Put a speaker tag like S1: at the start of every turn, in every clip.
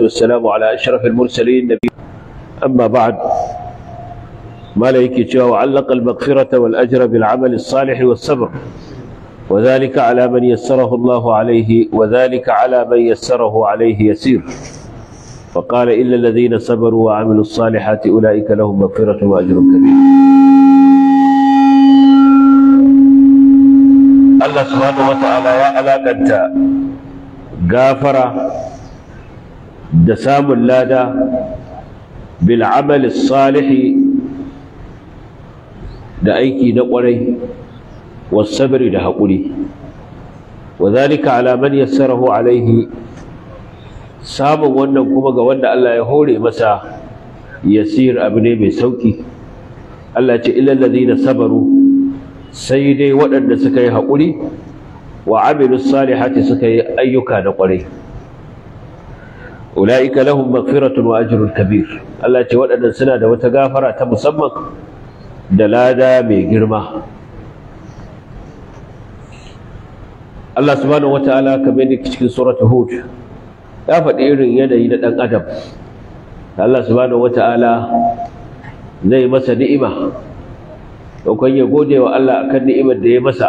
S1: والسلام على أشرف المرسلين نبي أما بعد مالك جاء وعلق المغفرة والأجر بالعمل الصالح والصبر وذلك على من يسره الله عليه وذلك على من يسره عليه يسير فقال إلا الذين صبروا وعملوا الصالحات أولئك لهم مغفرة وأجر كبير الله سبحانه وتعالى يا ألاك أنت غافره da samun lada bil amali salihi da aiki na kwarai wasabri da haƙuri wa zalika ala yassarahu alaihi samun wannan kuma ga wanda Allah ya hore masa yasir abu ne mai sauƙi. Allah ce illal na sabaru sai dai waɗanda suka yi haƙuri wa amilus salihati suka yi ayyuka na kwarai ulaika lahum maghfiratun wa ajrun kabir Allah ce waɗannan suna da wata gafara ta musamman da lada mai girma Allah subhanahu wataala kamar yadda cikin suratul hud ya faɗi irin yanayi na ɗan adam Allah subhanahu wataala zai masa ni'ima dokon ya gode wa Allah akan ni'imar da ya masa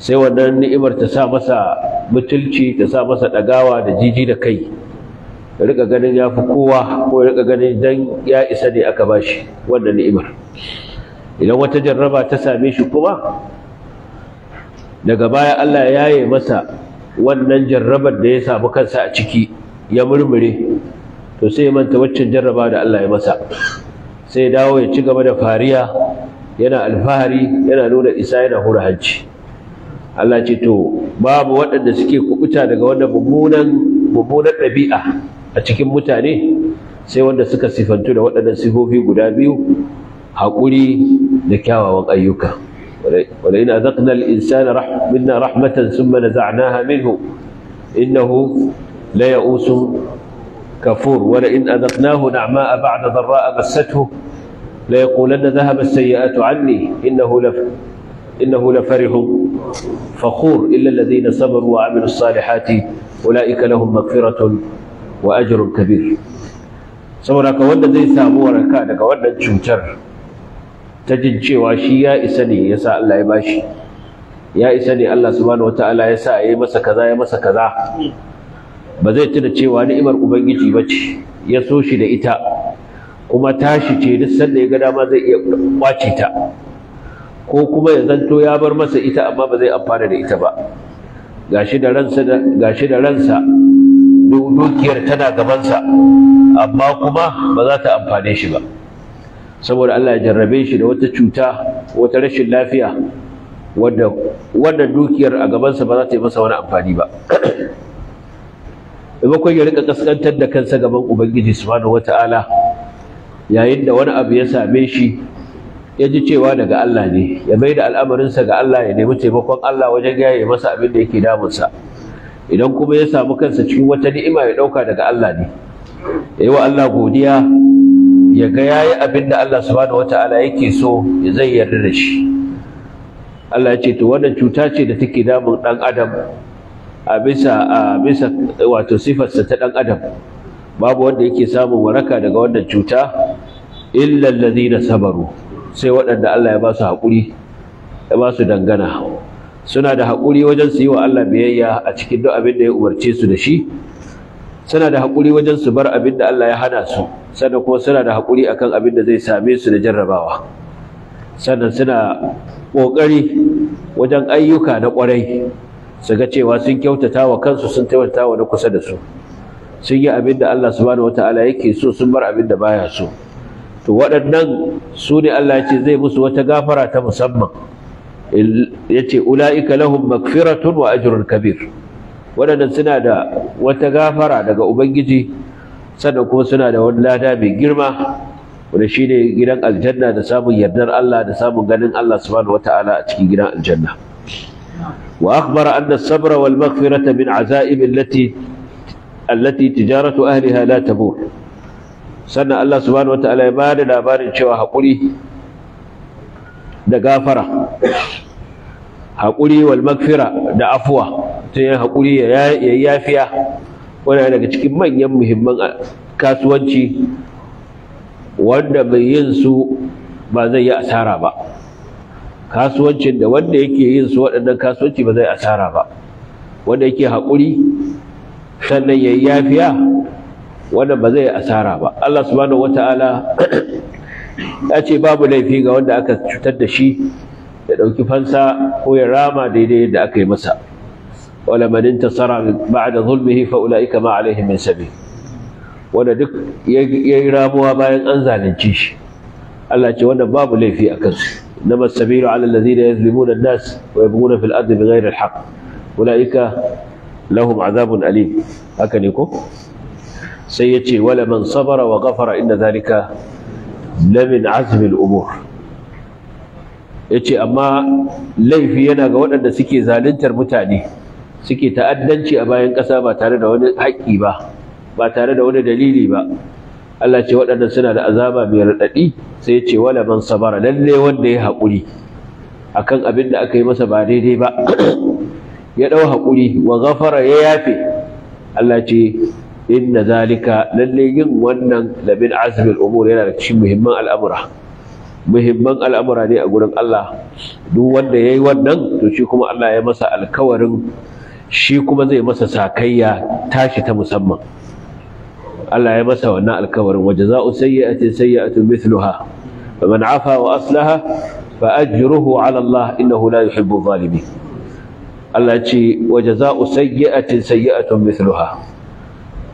S1: sai wannan ni'imar ta sa masa mutunci ta sa masa ɗagawa da jiji da kai rika ganin ya fi kowa ko rika ganin dan ya isa ne aka bashi wanda ni'imar idan wata jarraba ta same shi kuma daga baya Allah ya yi masa wannan jarrabar da ya samu kansa a ciki ya murmure to sai ya manta waccan jarraba da Allah ya masa sai dawo ya ci gaba da fariya yana alfahari yana nuna isa yana hura hanci Allah ce to babu waɗanda suke kubuta daga wannan mummunan mummunan ɗabi'a a cikin mutane sai wanda suka sifantu da waɗannan sifofi guda biyu haƙuri da kyawawan ayyuka ولئن أذقنا الإنسان منا رحمة ثم نزعناها منه إنه ليئوس كفور ولئن أذقناه نعماء بعد ضراء مسته ليقولن ذهب السيئات عني إنه لف إنه لفرح فخور إلا الذين صبروا وعملوا الصالحات أولئك لهم مغفرة wa ajrun kabir saboda ka wanda zai samu waraka daga wannan cutar ta jin cewa shi ya isa ne yasa Allah ya bashi ya isa ne Allah subhanahu wataala ya sa yayi masa kaza ya masa kaza ba zai tuna cewa ni'imar ubangiji bace ya so shi da ita kuma tashi ce duk sanda ya ga dama zai iya kwace ta ko kuma ya zanto ya bar masa ita amma ba zai amfana da ita ba gashi da ransa gashi da ransa dukiyar tana gabansa amma kuma ba za ta amfane shi ba saboda Allah ya jarrabe shi da wata cuta wata rashin lafiya wadda wadda dukiyar a gabansa ba za ta yi masa wani amfani ba maimakon ya rika kaskantar da kansa gaban ubangiji subhanahu wata'ala yayin da wani abu ya same shi ya ji cewa daga Allah ne ya bai da al'amarinsa ga Allah ya nemi taimakon Allah wajen yaye masa abin da yake damunsa idan kuma ya samu kansa cikin wata ni'ima ya dauka daga Allah ne yayi wa Allah godiya ya ga yayi abin da Allah subhanahu wataala yake so ya zai yarda da shi Allah ya ce to wannan cuta ce da take damun dan adam a bisa a bisa wato sifarsa ta dan adam babu wanda yake samun waraka daga wannan cuta illa alladhina sabaru sai waɗanda Allah ya ba su haƙuri ya ba su dangana suna da hakuri wajen su yi wa Allah biyayya a cikin duk abin da ya umarce su da shi suna da hakuri wajen su bar abin da Allah ya hana su sannan kuma suna da haƙuri akan abin da zai same su da jarrabawa sannan suna ƙoƙari wajen ayyuka na ƙwarai su ga cewa sun kyautata wa kansu sun taimaka wa na kusa da su sun yi abin da Allah subhanahu wataala yake so sun bar abin da baya so to waɗannan su ne Allah ya ce zai musu wata gafara ta musamman yace ulaika lahum magfiratun wa ajrun kabir wadannan suna da wata gafara daga ubangiji sannan kuma suna da wani lada mai girma wanda shine gidan aljanna da samun yardar Allah da samun ganin Allah subhanahu wataala a cikin gidan aljanna wa akhbara anna as-sabra wal maghfirata min azaib allati allati tijaratu ahliha la tabur sannan Allah subhanahu wataala ya bada labarin cewa haƙuri da gafara haƙuri wal makfira da afuwa tun yin haƙuri ya yafiya wani daga cikin manyan muhimman kasuwanci wanda mai yin su ba zai yi asara ba kasuwancin da wanda yake yin su waɗannan kasuwanci ba zai asara ba wanda yake haƙuri sannan ya yafiya wanda ba zai asara ba Allah subhanahu wata'ala ya ce babu laifi ga wanda aka cutar da shi ya ɗauki fansa ko ya rama daidai yadda aka yi masa wala man intasara ba'da zulmihi fa ulaika ma alaihim min wanda duk yayi ramuwa bayan an zalunce shi Allah ce wanda babu laifi a kansu nama sabilu ala alladhina yazlimuna an-nas wa yabghuna fil ardi bighayri al-haqq ulaika lahum azabun alim haka ne ko sai yace wala man sabara wa ghafara inna dhalika lamin azmin umur ce amma laifi yana ga waɗanda suke zaluntar mutane suke ta'addanci a bayan ƙasa ba tare da wani haƙƙi ba ba tare da wani dalili ba Allah ce waɗannan suna da azaba mai raɗaɗi sai ce wala man sabara lalle wanda ya haƙuri akan abin da aka yi masa ba daidai ba ya ɗau haƙuri wa ghafara ya yafe Allah ce inna zalika lalle yin wannan da bin azmil umur yana da cikin muhimman al'amura muhimman al'amura ne a gurin Allah duk wanda yayi wannan to shi kuma Allah ya masa alkawarin shi kuma zai masa sakayya tashi ta musamman Allah ya masa wannan alkawarin wajaza'u sayyi'atin sayyi'atun mithluha faman afa wa aslaha fa ajruhu 'ala Allah innahu la yuhibbu adh Allah ya ce wajaza'u sayyi'atin sayyi'atun mithluha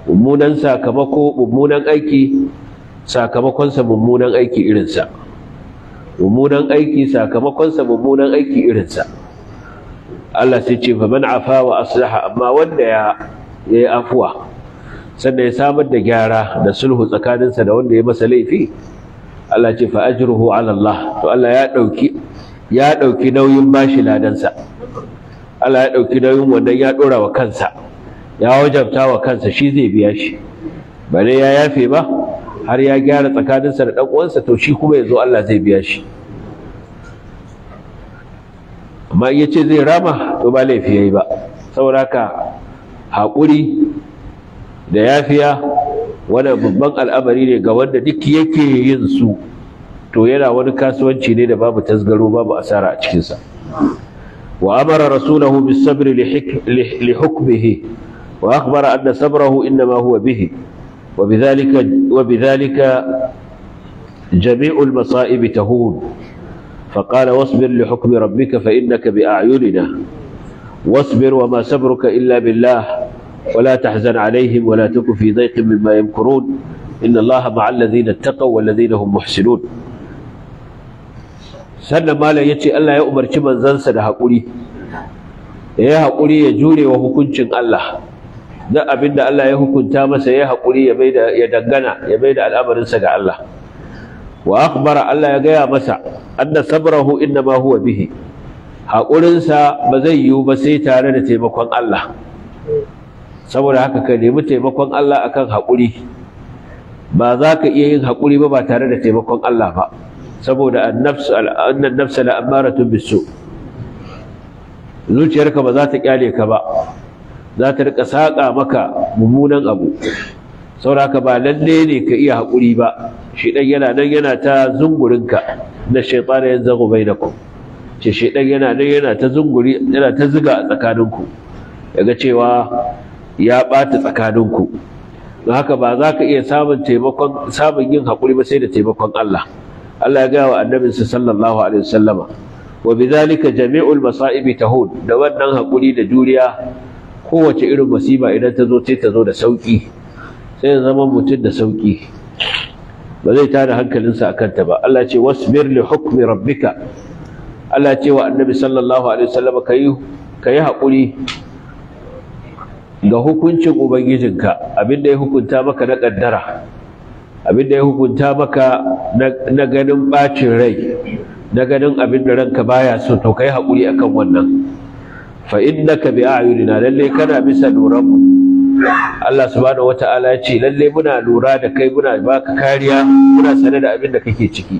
S1: mummunan sakamako mummunan aiki sakamakonsa mummunan aiki irinsa mummunan aiki sakamakonsa mummunan aiki irinsa Allah sai ce man afa wa aslaha amma wanda ya yi afuwa sannan ya samar da gyara da sulhu tsakaninsa da wanda ya masa laifi Allah ce fa ajruhu ala Allah to Allah ya dauki ya dauki nauyin bashi ladansa Allah ya dauki nauyin wannan ya dora wa kansa ya wajabta wa kansa shi zai biya shi bare ya yafe ba har ya gyara tsakaninsa da ɗan'uwansa to shi kuma ya zo Allah zai biya shi amma ya ce zai rama to ba laifi ya yi ba sauraka haƙuri da yafiya wani babban al'amari ne ga wanda duk yake yin su to yana wani kasuwanci ne da babu tasgaro babu asara a cikinsa wa amara rasulahu bis sabri li hukmihi وأخبر أن صبره إنما هو به وبذلك وبذلك جميع المصائب تهون فقال واصبر لحكم ربك فإنك بأعيننا واصبر وما صبرك إلا بالله ولا تحزن عليهم ولا تك في ضيق مما يمكرون إن الله مع الذين اتقوا والذين هم محسنون سنة malam ya ألا يؤمر ya زنسن manzansa يا haƙuri ya وهو haƙuri ya الله da abin da Allah ya hukunta masa ya haƙuri ya ya dangana ya bai da al'amarinsa ga Allah wa akhbara Allah ya gaya masa anna sabrahu inna ma huwa bihi haƙurinsa ba zai yiwu ba sai tare da taimakon Allah saboda haka ka nemi taimakon Allah akan haƙuri ba za ka iya yin haƙuri ba ba tare da taimakon Allah ba saboda annafsu annan nafsa la bisu zuciyarka ba za ta kyale ka ba za ta rika saƙa maka mummunan abu sauraka ba lalle ne ka iya haƙuri ba shi ɗan yana nan yana ta zungurinka na shaitan ya zago bai da ku ce shi ɗan yana nan yana ta zunguri yana ta ziga a tsakaninku daga cewa ya ɓata tsakaninku don haka ba za ka iya samun taimakon samun yin haƙuri ba sai da taimakon Allah Allah ya gaya wa annabinsa sallallahu alaihi wasallama wa bidhalika jami'ul masa'ibi tahud da wannan haƙuri da juriya kowace irin masiba idan ta zo sai ta zo da sauki, sai ya zama mutum da sauƙi ba zai tada hankalinsa a kanta ba Allah ce wasbir li hukmi rabbika Allah ce wa annabi sallallahu alaihi wasallam ka yi haƙuri ga hukuncin ubangijinka abinda ya hukunta maka na abin abinda ya hukunta maka na ganin ɓacin rai na ganin abin da ranka baya so to ka yi haƙuri akan wannan fa innaka bi a'yunina lalle kana bisa lura mu Allah subhanahu wata'ala ya ce lalle muna lura da kai muna baka kariya muna sanar da abin da kake ciki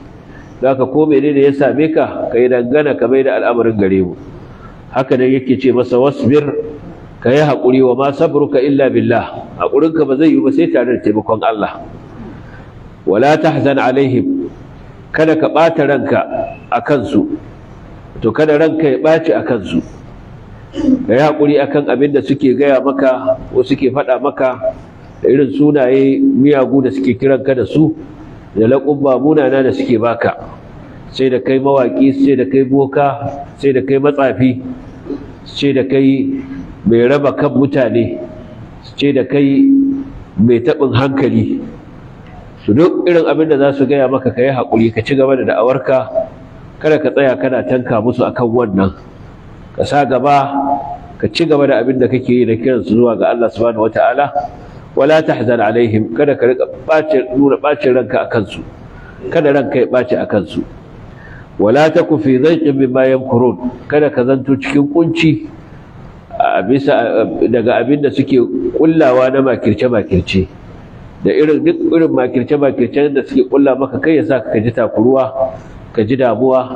S1: zaka ko menene ya same ka kai dangana ka mai da al'amarin gare mu haka nan yake ce masa wasbir ka yi haƙuri wa ma sabruka illa billah haƙurinka ba zai yi ba sai tare da taimakon Allah wala tahzan alaihim kada ka ɓata ranka a kansu to kada ranka ya ɓaci a kansu da ya haƙuri akan abin da suke gaya maka ko suke faɗa maka da irin sunaye miyagu da suke kiranka da su da laƙumba munana da suke baka sai da kai mawaƙi sai da kai boka sai da kai matsafi sai da kai mai raba kan mutane sai da kai mai taɓin hankali su duk irin abin da za su gaya maka ka yi haƙuri ka ci gaba da da'awarka kada ka tsaya kana tanka musu akan wannan ka sa gaba ka ci gaba da abin da kake yi na su zuwa ga Allah subhanahu wataala wala tahzan alaihim kada ka rika bace nuna bace ranka akan su kada ranka ya bace akan su wala taku fi dhayqin bima yamkurun kada ka zanto cikin kunci bisa daga abin da suke kullawa na makirce makirce da irin duk irin makirce makirce da suke kulla maka kai ya yasa ka ji takuruwa ka ji damuwa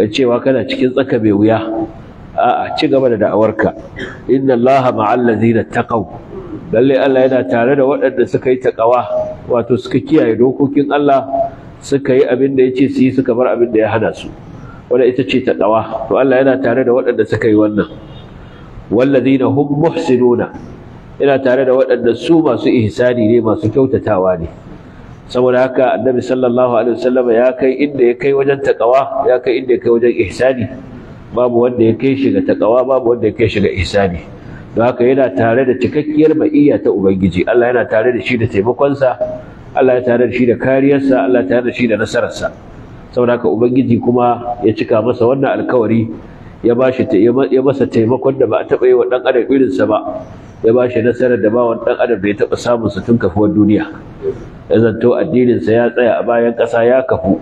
S1: ka cewa kana cikin tsaka mai wuya a'a ci gaba da da'awarka inna allaha ma'al ladzina taqaw lalle Allah yana tare da waɗanda suka yi taqawa wato suka kiyaye dokokin Allah suka yi abin da yace su yi suka bar abin da ya hana su wanda ita ce taqawa to Allah yana tare da waɗanda suka yi wannan ladina hum muhsinuna yana tare da waɗanda su masu ihsani ne masu kyautatawa ne saboda haka annabi sallallahu alaihi wasallam ya kai inda ya kai wajen taqawa ya kai inda ya kai wajen ihsani babu wanda ya kai shi ga takawa babu wanda ya kai shi ga ihsani don haka yana tare da cikakkiyar ma'iyya ta ubangiji Allah yana tare da shi da taimakonsa Allah ya tare da shi da kariyarsa Allah ya tare da shi da nasararsa saboda haka ubangiji kuma ya cika masa wannan alkawari ya shi ya masa taimakon da ba a taɓa yi wa ɗan adam irinsa ba ya ba shi nasarar da ba wa ɗan adam da ya taɓa samun sa tun kafuwar duniya ya zanto addininsa ya tsaya a bayan ƙasa ya kafu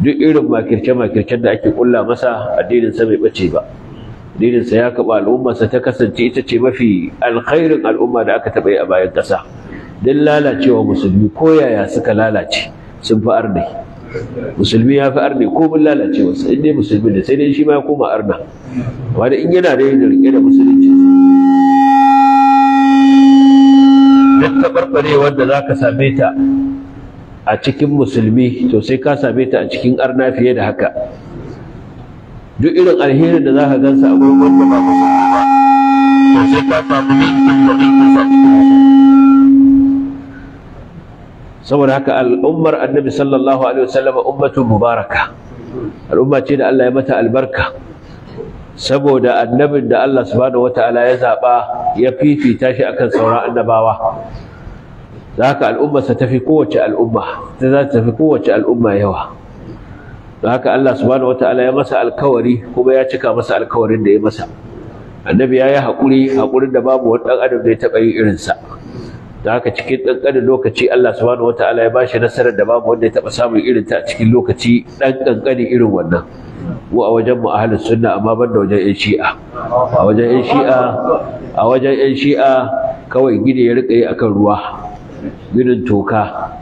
S1: duk irin makirce-makircen da ake kulla masa addinin sa bai bace ba addininsa ya kaɓa al'ummarsa ta kasance ita ce mafi alkhairin al'umma da aka taɓa yi a bayan ƙasa don lalacewa musulmi ko yaya suka lalace sun fi arne musulmi ya fi arne ko mun lalacewa, sai dai musulmi da sai dai shi ma ya koma arna amma da in yana da yin rike da musulunci duk barbare wanda za ka same ta a cikin musulmi to sai ka same ta a cikin arna fiye da haka duk irin alherin da za ka gansa a gurin wanda ba musulmi ba to sai ka samu ninkin da ninkin sa saboda haka al'ummar annabi sallallahu alaihi wasallam ummatu mubaraka al'umma ce da Allah ya mata albarka saboda annabin da Allah subhanahu wataala ya zaba ya fifita shi akan sauran annabawa da haka al'umma ta fi kowace al'umma ta za ta tafi kowace al'umma yawa da haka Allah subhanahu wata'ala ya masa alkawari kuma ya cika masa alkawarin da ya masa annabi ya yi haƙuri haƙurin da babu wani ɗan adam da ya taɓa yin irinsa da haka cikin ɗan ƙanin lokaci Allah subhanahu wata'ala ya bashi nasarar da babu wanda ya taɓa samun irinta a cikin lokaci ɗan ƙanƙanin irin wannan mu a wajen mu ahlus sunna amma ban da wajen yan shi'a
S2: a wajen yan shi'a
S1: a wajen yan shi'a kawai gini ya rika yi akan ruwa Ginin toka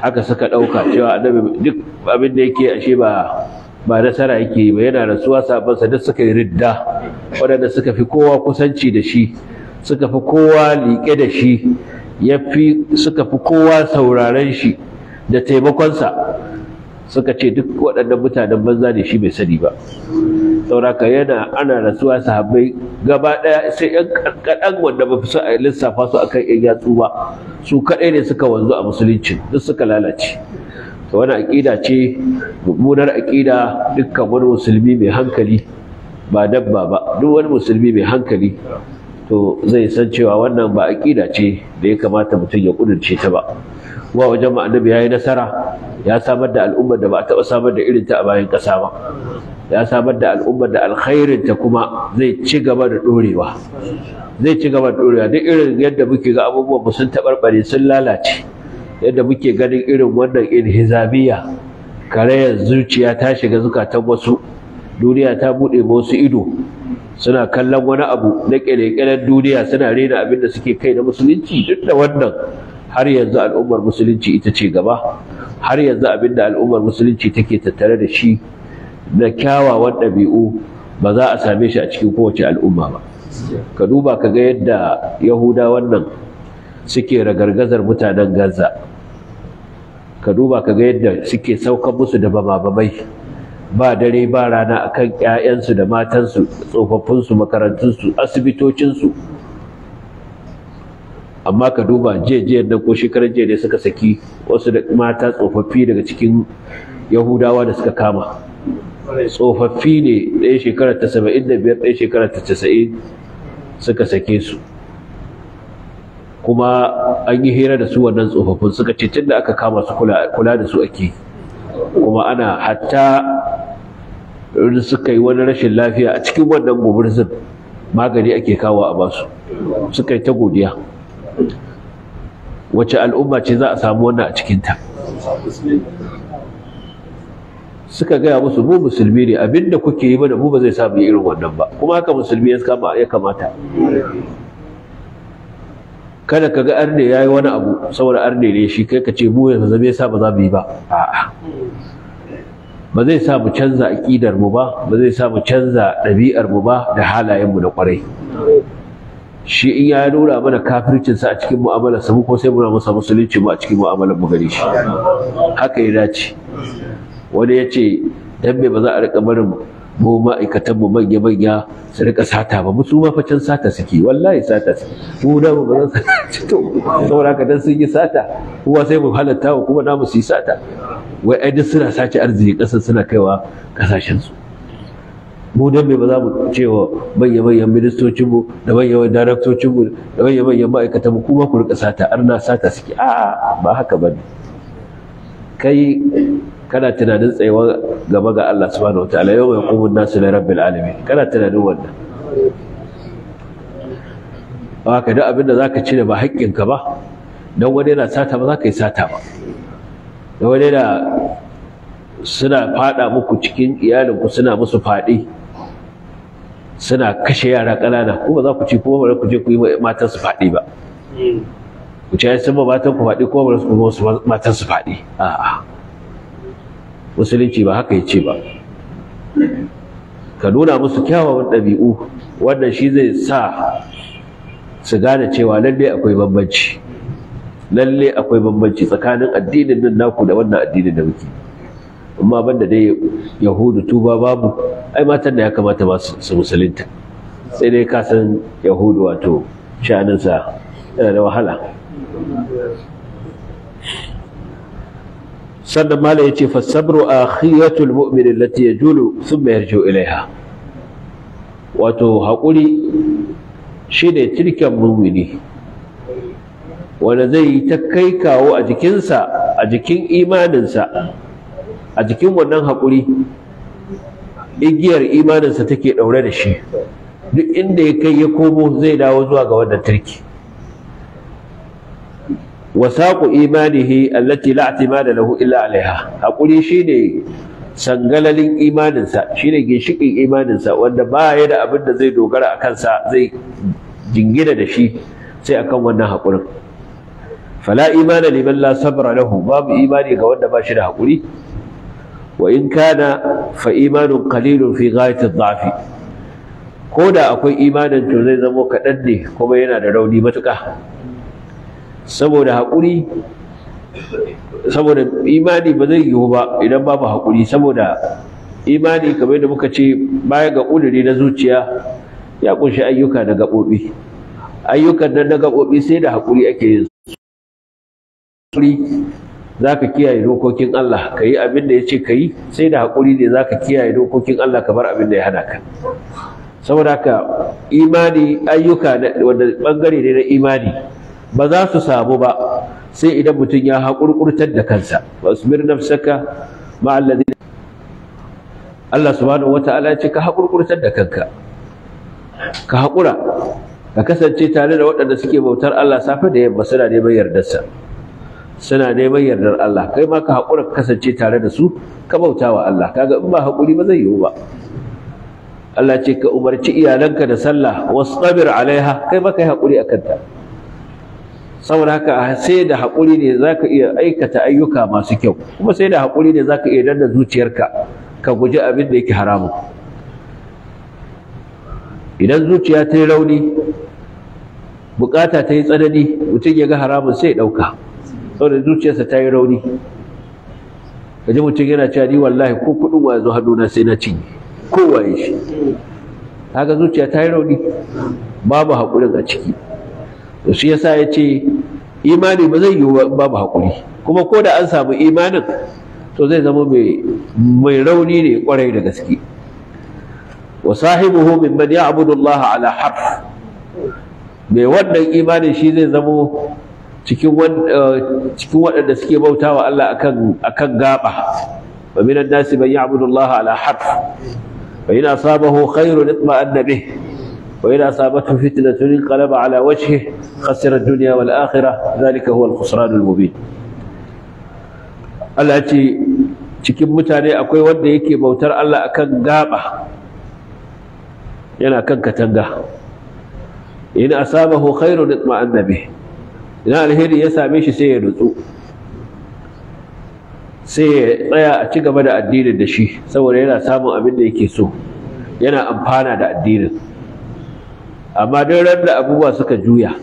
S1: haka suka ɗauka cewa annabi duk abin da yake ashe ba ba nasara yake ba yana rasuwa sabansa duk suka yi ridda waɗanda suka fi kowa kusanci da shi suka fi kowa liƙe da shi ya fi suka fi kowa sauraren shi da taimakonsa suka ce duk waɗannan mutanen banza ne shi mai sani ba sauraka yana ana rasuwa sahabbai gaba ɗaya sai yan kaɗan wanda ba fi so a lissafa su a kan yan yatsu ba su kaɗai ne suka wanzu a musulunci duk suka lalace to wani aƙida ce mummunar aƙida dukkan wani musulmi mai hankali ba dabba ba duk wani musulmi mai hankali to zai san cewa wannan ba aƙida ce da ya kamata mutum ya ƙudurce ta ba wa wajen annabi ya yi nasara ya samar da al'ummar da ba a taɓa samar da irin ta a bayan ƙasa ba ya samar da al'ummar da alkhairin ta kuma zai ci gaba da ɗorewa zai ci gaba da ɗorewa duk irin yadda muke ga abubuwan mu sun taɓarɓare sun lalace yadda muke ganin irin wannan inhizabiya karayar zuciya ta shiga zukatan wasu duniya ta buɗe wasu ido suna kallon wani abu na ƙyale duniya suna rena abin da suke kai na musulunci duk da wannan har yanzu al'ummar musulunci ita ce gaba har yanzu abin da al'ummar musulunci take tattare da shi na kyawawan ɗabi'u ba za a same shi a cikin kowace al'umma ba ka duba ka ga yadda yahuda wannan suke ragargazar mutanen gaza ka duba ka ga yadda suke saukan musu da bababamai ba dare ba rana akan 'ya'yansu da matansu tsofaffinsu makarantunsu asibitocinsu amma ka duba jejiyar nan ko shekarar jiya ne suka saki wasu mata tsofaffi daga cikin yahudawa da suka kama tsofaffi ne ɗaya shekarar ta saba'in da biyar ɗaya shekarar ta casa'in suka sake su kuma an yi hira da su wannan tsofaffin suka ce tun da aka kama su kula da su ake kuma ana hatta suka yi wani rashin lafiya a cikin wannan gobirzin magani ake kawo a basu suka yi ta godiya wace al'umma ce za a samu wannan a cikinta suka gaya musu mu musulmi ne abinda kuke yi mana mu ba zai samu irin wannan ba kuma haka musulmi ya kamata kada ka ga arne ya yi wani abu saboda arne ne shi kai ka ce mu yanzu zame sa ba za mu yi ba a'a ba zai sa mu canza aƙidar mu ba ba zai sa mu canza ɗabi'ar mu ba da halayen mu na ƙwarai shi in ya nuna mana kafircinsa a cikin mu'amalar sa ko sai muna masa musulunci mu a cikin mu'amalar mu gare shi haka ya dace wani ya ce dan me ba za a rika barin mu ma'aikatan mu manya manya su rika sata ba mu su ma fa can sata suke wallahi sata suke mu da mu ba za su to saboda ka dan sun yi sata kuma sai mu halatta kuma namu su yi sata wai ai duk suna sace arziki kasar suna kaiwa kasashen su mu dan me ba za mu cewa manya manyan ministocin mu da manya manyan daraktocin mu da manya manyan ma'aikatan mu kuma ku rika sata arna sata suke a ba haka bane kai kana tunanin tsayuwa gaba ga Allah subhanahu wataala yau ya qumun nasu li rabbil alamin kana tunanin wannan ka duk abin da zaka cire ba haƙƙinka ba dan wani yana sata ba za ka yi sata ba dan wani yana suna fada muku cikin iyalinku suna musu faɗi suna kashe yara ƙanana ko ba za ku ci ko ba ku je ku yi matan su faɗi ba ku ci sun ba matan ku faɗi ko ba ku yi matan su faɗi a'a musulunci ba haka yace ba ka nuna musu kyawawan ɗabi'u wannan shi zai sa su gane cewa lalle akwai bambanci lalle akwai bambanci tsakanin addinin nan naku da wannan addinin da muke amma banda dai yahudu tuba babu ai matan da ya kamata ba su musulunta sai dai ka san yahudu wato sha'aninsa yana da wahala sannan mala ya ce fasabru a khiyatul mu'minin lati ya julu sun mayar jo ilaiha wato hakuri shi ne tirken mumini wanda zai yi ta kai kawo a jikinsa a jikin imaninsa a jikin wannan hakuri? igiyar imaninsa take ɗaure da shi duk inda ya kai ya komo zai dawo zuwa ga wannan turki wasaƙu imanihi allati la da lahu illa alaiha hakuri shine sangalalin imaninsa shine ginshikin imaninsa wanda ba ya da abin da zai dogara a kansa zai jingina da shi sai akan wannan haƙurin fala imana liman la sabra lahu babu imani ga wanda ba shi da hakuri wa in kana fa imanin qalilun fi ghayati dhafi ko da akwai imanin to zai zamo kaɗan ne kuma yana da rauni matuƙa saboda haƙuri saboda ba zai yiwu ba idan babu haƙuri saboda imani kamar da muka ce baya ga ƙuduri na zuciya ya ƙunshi ayyuka na gaɓoɓi ayyukan nan na gaɓoɓi sai da haƙuri ake yin su zaka kiyaye dokokin Allah ka yi abin da ya ce ka yi sai da hakuri ne zaka kiyaye dokokin Allah ka bar abin da ya hana ka saboda haka imani ayyuka wanda ɓangare ne na imani ba za su samu ba sai idan mutum ya haƙurƙurtar da kansa wasmir nafsaka ma'allazi Allah subhanahu wata'ala ce ka haƙurƙurtar da kanka ka haƙura ka kasance tare da waɗanda suke bautar Allah safe da yamma suna neman yardarsa suna neman yardar Allah kai ma ka haƙura kasance tare da su ka bauta wa Allah kaga in ba haƙuri ba zai yiwu ba Allah ce ka umarci iyalanka da sallah wasabir alaiha kai ma kai haƙuri akan ta saboda haka sai da haƙuri ne zaka iya aikata ayyuka masu kyau kuma sai da haƙuri ne zaka iya danna zuciyarka ka guji abin da yake haramun idan zuciya ta yi rauni bukata ta yi tsanani mutum ya ga haramun sai ya ɗauka saboda zuciyarsa ta yi rauni Ka ji mutum yana cewa ni wallahi ko kuɗin wa zo na sai na ci kowaye shi haka zuciya ta yi rauni babu haƙurin a ciki da shi yasa ya ce imani ba zai yiwu babu haƙuri kuma ko da an samu imanin to zai zama mai rauni ne kwarai da gaske wa sahibuhu mimman ya'budu Allah ala harf mai wannan imanin shi zai zama Eh, cikin waɗanda suke bauta wa Allah kan gaba wa minan nasi man ya'budu Allah ala harf fa in asabahu khairun annabi, bih wa in asabathu fitnatun inqalaba ala wajhihi khasira duniya dunya wal akhirah dhalika huwa al-khusran mubin Allah ce cikin mutane akwai wanda yake bautar Allah akan gaba yana kan katanga in asabahu khairun itma'anna annabi. idan alheri ya same shi sai ya nutsu sai ya tsaya a ci gaba da addinin da shi saboda yana samun abin da yake so yana amfana da addinin amma duk ran da abubuwa suka juya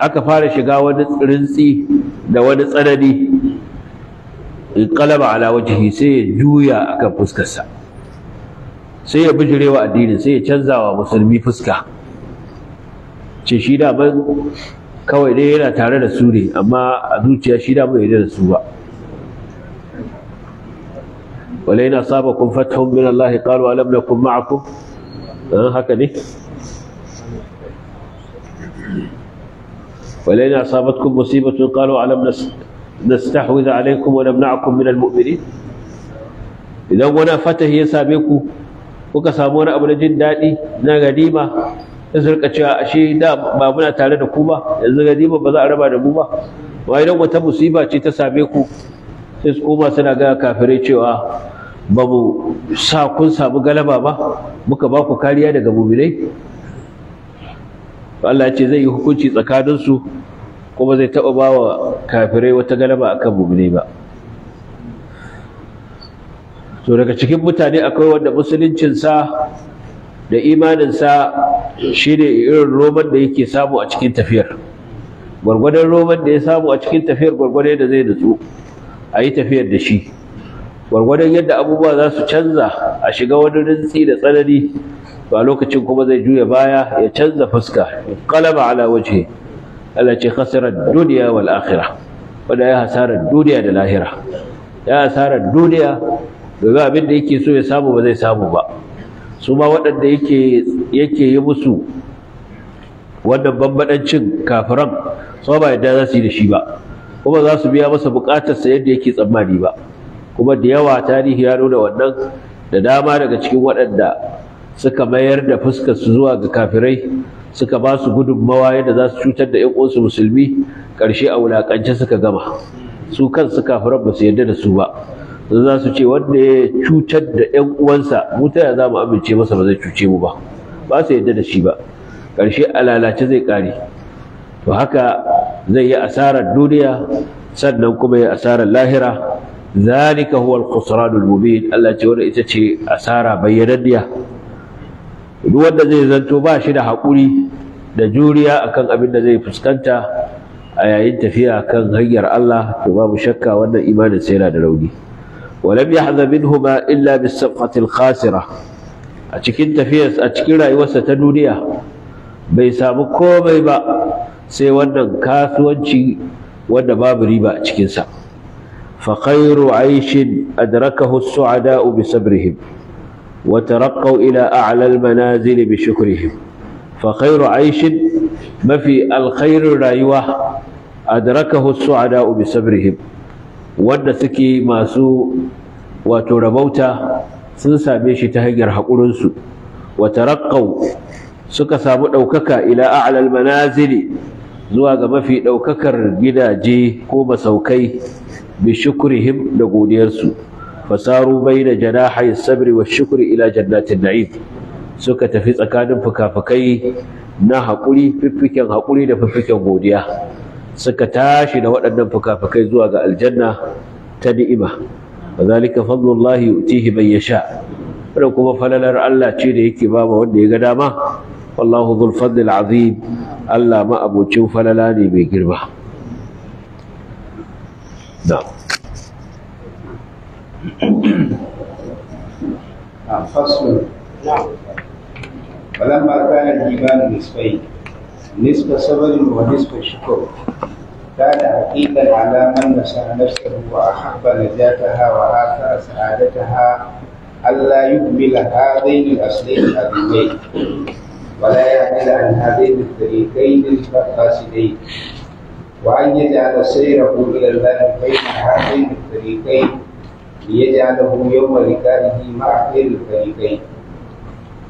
S1: aka fara shiga wani rintsi da wani tsanani in kalaba ala wajihi sai ya juya akan fuskarsa sai ya bijirewa addinin sai ya canza wa musulmi fuska ce shi daman kawai dai yana tare da su ne amma a zuciya shi daman yana da su ba wale yana saba kun fatahun min Allah ya alam na kun ma'akun don haka ne wale yana sabat kun musibatun ƙaru alam na nastahwi da alaikum wa namna'akum min al-mu'mini idan wani fatahi ya same ku kuka samu wani abu na jin daɗi na ganima su rika cewa ashe da ba muna tare da ku ba yanzu ganima ba za a raba da mu ba wai dan wata musiba ce ta same ku sai su koma suna ga kafirai cewa ba mu sa kun samu galaba ba muka ba ku kariya daga muminai Allah ce zai yi hukunci su kuma zai taba ba wa kafirai wata galaba akan muminai ba to daga cikin mutane akwai wanda musuluncin sa da imaninsa shi ne irin roman da yake samu a cikin tafiyar gwargwadon roman da ya samu a cikin tafiyar gwargwadon yadda zai nutsu a yi tafiyar da shi gwargwadon yadda abubuwa za su canza a shiga wani rintsi da tsanani ba lokacin kuma zai juya baya ya canza fuska kalama ala waje Allah ce duniya wa akhirah wanda ya hasarar duniya da lahira ya hasarar duniya domin abin da yake so ya samu ba zai samu ba su ma waɗanda yake yi musu wannan bambancin kafiran su ba yadda za su yi da shi ba kuma za su biya masa buƙatarsa yadda yake tsammani ba kuma da yawa tarihi ya nuna wannan da dama daga cikin waɗanda suka mayar da fuskar su zuwa ga kafirai suka ba su gudunmawa yadda za su cutar da 'yan uwansu musulmi ƙarshe a wulaƙance suka gama su kansu kafiran ba su yarda da su ba za su ce wanda ya cutar da ƴan uwansa mu ta za mu amince masa ba zai cuce mu ba ba su yadda da shi ba ƙarshe a lalace zai ƙare to haka zai yi asarar duniya sannan kuma ya asarar lahira zalika huwa al-khusranul mubin Allah ce wannan ita ce asara bayyananniya duk wanda zai zanto ba shi da haƙuri da juriya akan abin da zai fuskanta a yayin tafiya kan hanyar Allah to babu shakka wannan imanin sai yana da rauni ولم يحظ منهما إلا بالسبقة الخاسرة أتكين تفيس أتكين أيوسة تنونية بيسام كومي با سيوانا كاس وانشي وانا باب ريبا أتكين سا فخير عيش أدركه السعداء بصبرهم وترقوا إلى أعلى المنازل بشكرهم فخير عيش ما في الخير رايوه أدركه السعداء بصبرهم wanda suke masu wato rabauta sun same shi ta hanyar haƙurinsu wa taraqqaw suka samu ɗaukaka ila a'lal manazili zuwa ga mafi ɗaukakar gidaje ko masaukai bi shukrihim da godiyarsu fasaru baina janahi sabri wa shukri ila jannatin na'im suka tafi tsakanin fukafukai na haƙuri fiffiken haƙuri da fiffiken godiya suka tashi da waɗannan fukafukai zuwa ga aljanna ta ni'ima wa zalika fadlullahi yu'tihi man yasha wannan kuma falalar Allah ce da yake ba wanda ya ga dama wallahu dhul fadlil azim Allah ma falala ne mai girma
S2: فصل نعم ولما كان الجبال نصفين نصف صبر ونصف شكر كان حقيقا على من نسى نفسه وأحب نجاتها وآثر سعادتها ألا يقبل هذين الأصلين العظيمين ولا يعدل عن هذين الطريقين الفاسدين وأن يجعل سيره إلى الله بين هذين الفريقين ليجعله يوم لقائه مع خير الفريقين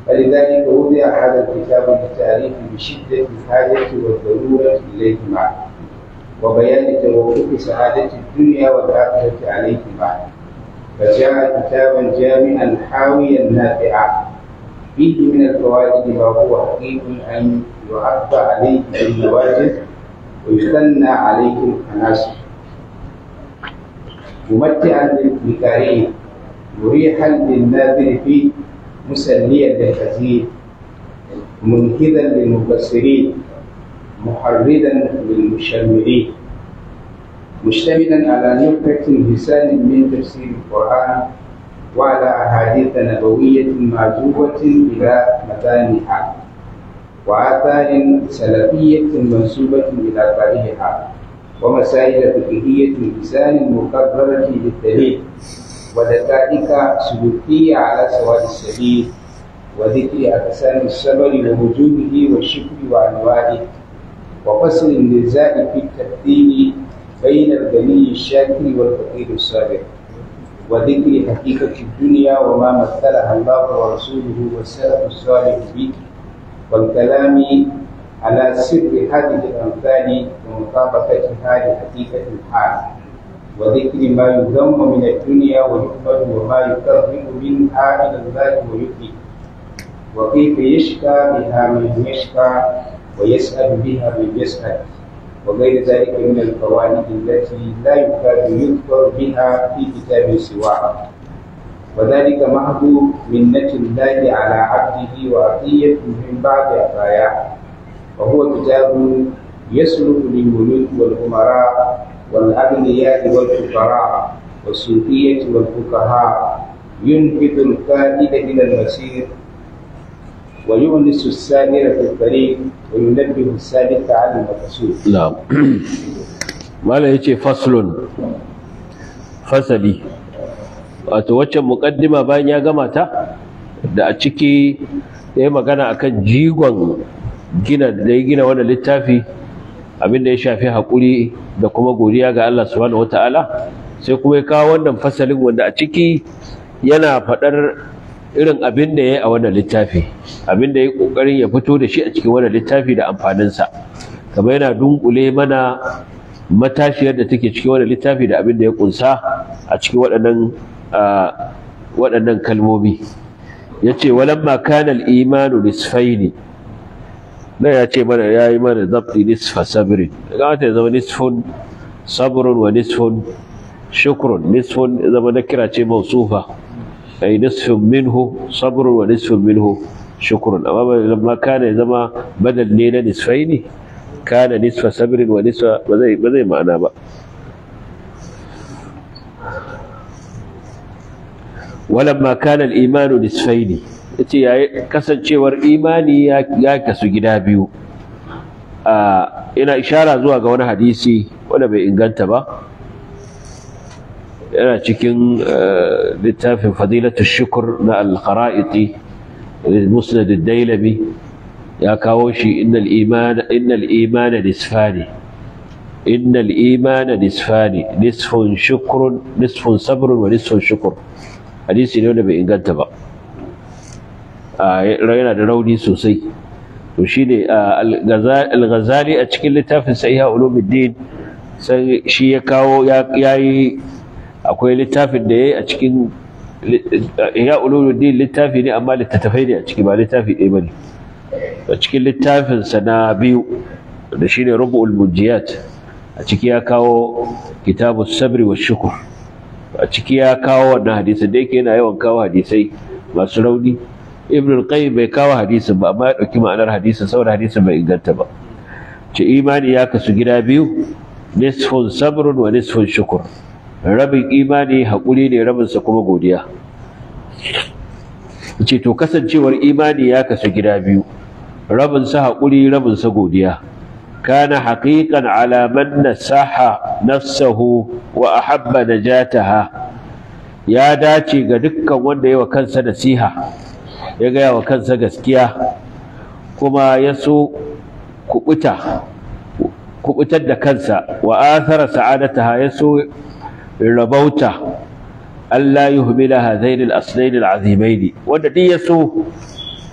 S2: فلذلك وضع هذا الكتاب للتعريف بشدة الحاجة والضرورة إليه معا وبيان توقف سعادة الدنيا والآخرة عليه معا فجاء كتابا جامعا حاويا نافعا فيه من الفوائد ما هو حقيق أن يعطى عليه بالنواجذ ويثنى عليه العناصر ممتعا للقارئ مريحا للناظر فيه مسليا للخزين منكدا للمبصرين محردا للمشمرين مشتملا على نكتة لسان من تفسير القرآن وعلى أحاديث نبوية معزوبة إلى مكانها وآثار سلفية منسوبة إلى قائلها ومسائل فقهية لسان مكررة للدليل وذلك سلوكية على سواء السبيل وذكر أقسام السبل ووجوده والشكر وأنواعه وقصر النزاع في التبديل بين الغني الشاكر والفقير الصابر وذكر حقيقة الدنيا وما مثلها الله ورسوله والسلف الصالح به والكلام على سر هذه الأمثال ومطابقتها لحقيقة الحال وذكر ما يذم من الدنيا ويقبل وما يكرم منها إلى الله ويؤذي وكيف يشكى بها من يشكى ويسأل بها من يسأل وغير ذلك من القوانين التي لا يكاد يذكر بها في كتاب سواها وذلك محض منة الله على عبده وعطية من بعد عطاياه وهو كتاب يسلك للملوك والأمراء والأغنياء والفقراء والصوفية والفقهاء ينفذ القائد إلى المسير ويؤنس السامر في الطريق وينبه السالك على المقصود
S1: نعم ما ya ce فصل فصلي. wato waccan mukaddima bayan ya gama ta da a ciki ya yi magana akan jigon gina da ya gina wani littafi Abinda ya shafi haƙuri da kuma godiya ga Allah subhanahu wata'ala sai kuma ya kawo wannan fasalin wanda a ciki yana faɗar irin abin da ya yi a wannan littafi abin da ya yi ƙoƙarin ya fito da shi a cikin wannan littafi da amfaninsa kamar yana dunkule mana matashiyar da take cikin wannan littafi da abin da ya ƙunsa a cikin waɗannan waɗannan kalmomi ya ce walamma kana al-imanu لا ياتي من يا ايمان ضبط نصف صبر قالت اذا نصف صبر ونصف شكر نصف اذا ما ذكرت موصوفه اي نصف منه صبر ونصف منه شكر اما لما كان اذا ما بدل لنا نصفين كان نصف صبر ونصف ما زي معناه بقى ولما كان الايمان نصفين yace yayi kasancewar imani ya kasu gida biyu ina ishara zuwa ga wani hadisi wanda bai inganta ba yana cikin eh, littafin fadilatu shukur na al-qara'iti musnad ad-dailami ya kawo shi innal imana innal imana nisfani innal imana nisfun shukrun nisfun sabrun wa nisfun shukur hadisi ne wanda bai inganta ba yana da rauni sosai to shine al-ghazali a cikin littafin sahiha ulumuddin sai shi ya kawo ya yi akwai littafin da yi a cikin ya ulumuddin littafi ne amma littattafai ne a ciki ba littafi ɗaya ne a cikin littafin sa na biyu da shine rubu ulmujiyat a ciki ya kawo kitabu sabri wa shukur a ciki ya kawo wannan hadisai da yake yana yawan kawo hadisai masu rauni ibn al-qayyim bai kawo hadisin ba amma ya dauki ma'anar hadisin saboda hadisin bai inganta ba ce imani ya kasu gida biyu nisfun sabrun wa nisfun shukur rabin imani haƙuri ne rabinsa kuma godiya ce to kasancewar imani ya kasu gida biyu rabinsa haƙuri rabinsa godiya kana haƙiƙan alaman nasaha nafsahu wa ahabba najataha ya dace ga dukkan wanda yawa kansa nasiha ya gaya wa kansa gaskiya kuma ya so kubuta kubutar da kansa wa athara ha ya so rabauta Allah yuhmila hadain al-aslain al-azimain wanda duk ya so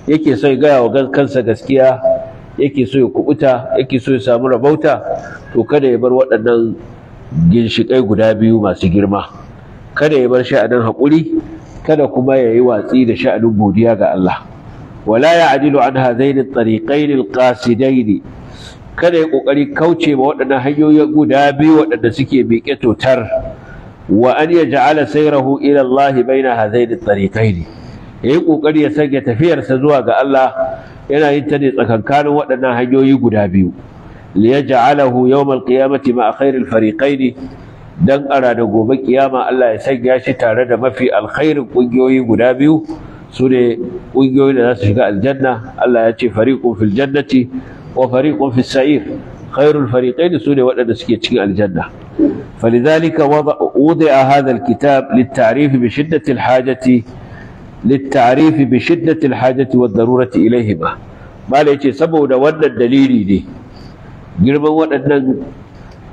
S1: yake so ya gaya wa kansa gaskiya yake so ya kubuta yake so ya samu rabauta to kada ya bar waɗannan ginshiƙai guda biyu masu girma kada ya bar shi a nan haƙuri kada kuma yayi watsi da sha'anin godiya ga Allah wala ya'dilu an hadain at-tariqain kada ya kokari kauce ma waɗannan hanyoyi guda biyu waɗanda suke miƙe totar wa an yaj'ala sayrahu ila Allah baina hadain at-tariqain yayi kokari ya sanya tafiyarsa zuwa ga Allah yana yin ta ne tsakankanin waɗannan hanyoyi guda biyu liyaj'alahu yawm al ma ma'a khairil fariqain dan ara da gobe kiyama Allah ya sanya shi tare da mafi alkhairin kungiyoyi guda biyu su ne kungiyoyi da za su shiga aljanna Allah ya ce fariqun fil jannati wa fariqun fis sa'ir khairul fariqaini su ne waɗanda suke cikin aljanna فلذلك وضع وضع هذا الكتاب للتعريف بشدة الحاجة للتعريف بشدة الحاجة والضرورة إليهما ما ليش سبب wannan dalili ne girman waɗannan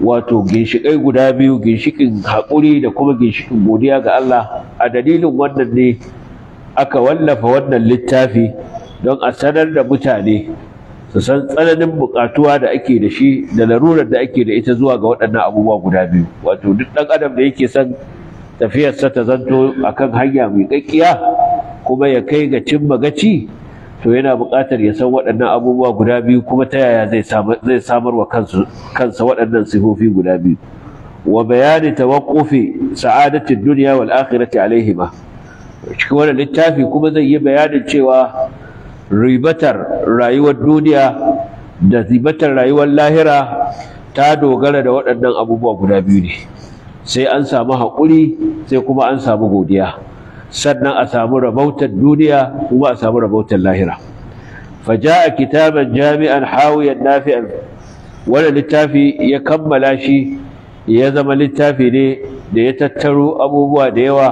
S1: wato ginshikai guda biyu ginshiƙin haƙuri da kuma ginshikin godiya ga Allah a dalilin wannan ne aka wallafa wannan littafi don a sanar da mutane su san tsananin buƙatuwa da ake da shi da larurar da ake da ita zuwa ga waɗannan abubuwa guda biyu wato duk ɗan adam da yake son tafiyarsa ta zanto akan hanya mai ƙaƙƙiya kuma ya kai ga cimma gaci to yana buƙatar ya san waɗannan abubuwa guda biyu kuma ta yaya zai samar wa kansa waɗannan sifofi guda biyu wa bayani ta waƙofe sa'adatin duniya wal akhirati alaihima cikin wannan littafi kuma zai yi bayanin cewa ribatar rayuwar duniya da ribatar rayuwar lahira ta dogara da waɗannan abubuwa guda biyu ne sai an samu haƙuri sai kuma an samu godiya sannan a samu rabautar duniya kuma a samu rabautar lahira faja'a kitaban jami'an hawuyan nafi'an wani littafi ya kammala shi ya zama littafi ne da ya tattaro abubuwa da yawa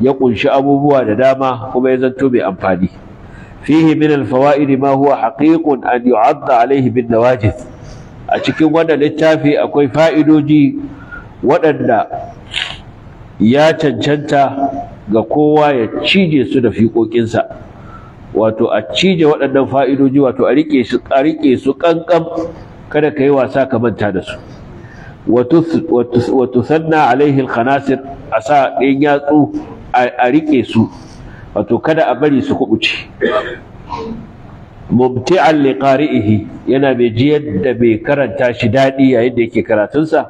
S1: ya kunshi abubuwa da dama kuma ya zanto mai amfani fihi min alfawaid ma huwa haqiqun an yu'adda alayhi bin nawajid a cikin wannan littafi akwai fa'idoji waɗanda ya cancanta ga kowa ya cije su da fiƙoƙinsa wato a cije waɗannan fa'idoji wato a riƙe su a riƙe su ƙanƙan kada ka yi wasa ka manta da su wato sannan alaihi kanasir a sa ɗin yatsu a riƙe su wato kada a bari su kuɓuce alli liqari'ihi yana mai jiyar da mai karanta shi daɗi yayin da yake karatunsa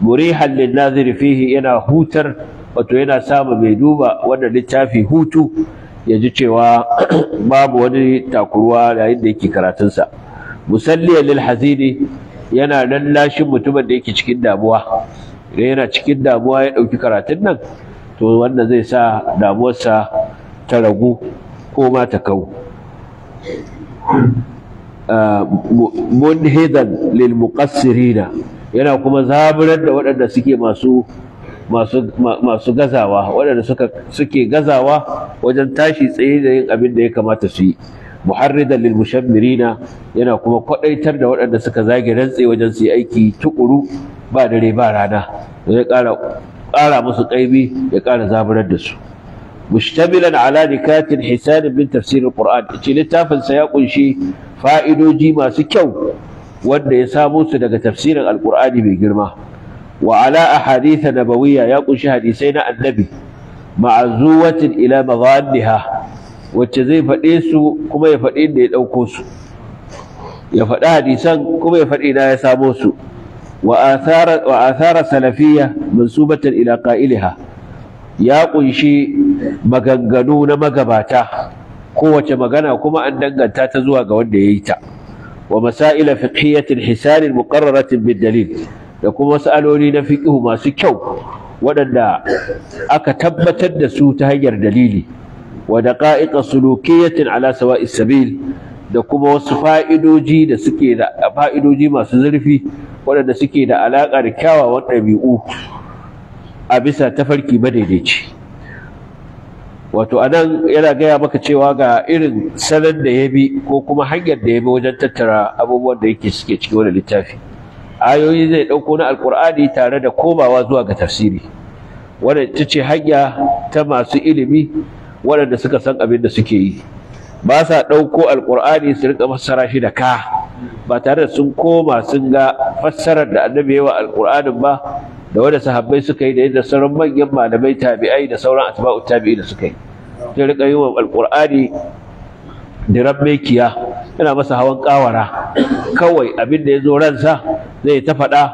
S1: muri hallin naziri fihi yana hutar wato yana sama mai duba wannan littafi hutu ya ji cewa babu wani takurwa yayin da yake karatunsa musalliyan lil hazini yana nan lashin mutumin da yake cikin damuwa idan yana cikin damuwa ya ɗauki karatun nan to wanda zai sa damuwarsa ta ragu ko ma ta kau ah, munhidan lil yana kuma zaburar da waɗanda suke masu masu gazawa waɗanda suke gazawa wajen tashi tsaye da yin abin da ya kamata su yi muharridan lil mushammirina yana kuma kwadaitar da waɗanda suka zage rantse wajen su yi aiki tukuru ba dare ba rana ya ƙara ƙara musu ƙaibi ya ƙara zaburar da su mushtamilan ala nikatin hisanin bin tafsirin alquran ce littafin sa ya kunshi fa'idoji masu kyau wanda ya samo su daga tafsirin alqurani mai girma wa ala ahadith nabawiyya ya ƙunshi hadisai na annabi ma'azuwatin ila madhanniha wacce zai faɗe su kuma ya faɗi inda ya ɗauko su ya faɗi hadisan kuma ya faɗi na ya samo su wa athara salafiyya mansubatan ila qa'iliha ya ƙunshi maganganu na magabata kowace magana kuma an danganta ta zuwa ga wanda ya yi ta wa masaila fiqhiyyatin hisanin muqarraratin bid dalil da kuma sa’aloli na fiƙihu masu kyau waɗanda aka tabbatar da su ta hanyar dalili wa daqa'iqa sulukiyatin ala sawa'i da kuma wasu fa'idoji da suke da fa'idoji masu zurfi waɗanda suke da alaƙa da kyawawan ɗabi'u a bisa tafarki madaidaici wato a nan yana gaya maka cewa ga irin salon da ya bi ko kuma hanyar da ya bi wajen tattara abubuwan da yake suke cikin wani littafi ayoyi zai dauko na alƙur'ani tare da komawa zuwa ga tafsiri wadda ce hanya ta masu ilimi waɗanda suka san abin da suke yi ba sa ɗauko alƙur'ani su rika fassara shi da ka ba tare da sun koma sun ga fassarar da annabi yawa alkuranin ba da wanda sahabbai suka yi da yadda sauran manyan malamai tabi'ai da sauran atba'u tabi'i da suka yi sai rika yi wa alƙur'ani diran yana masa hawan kawara kawai abin da ya zo ransa zai ta faɗa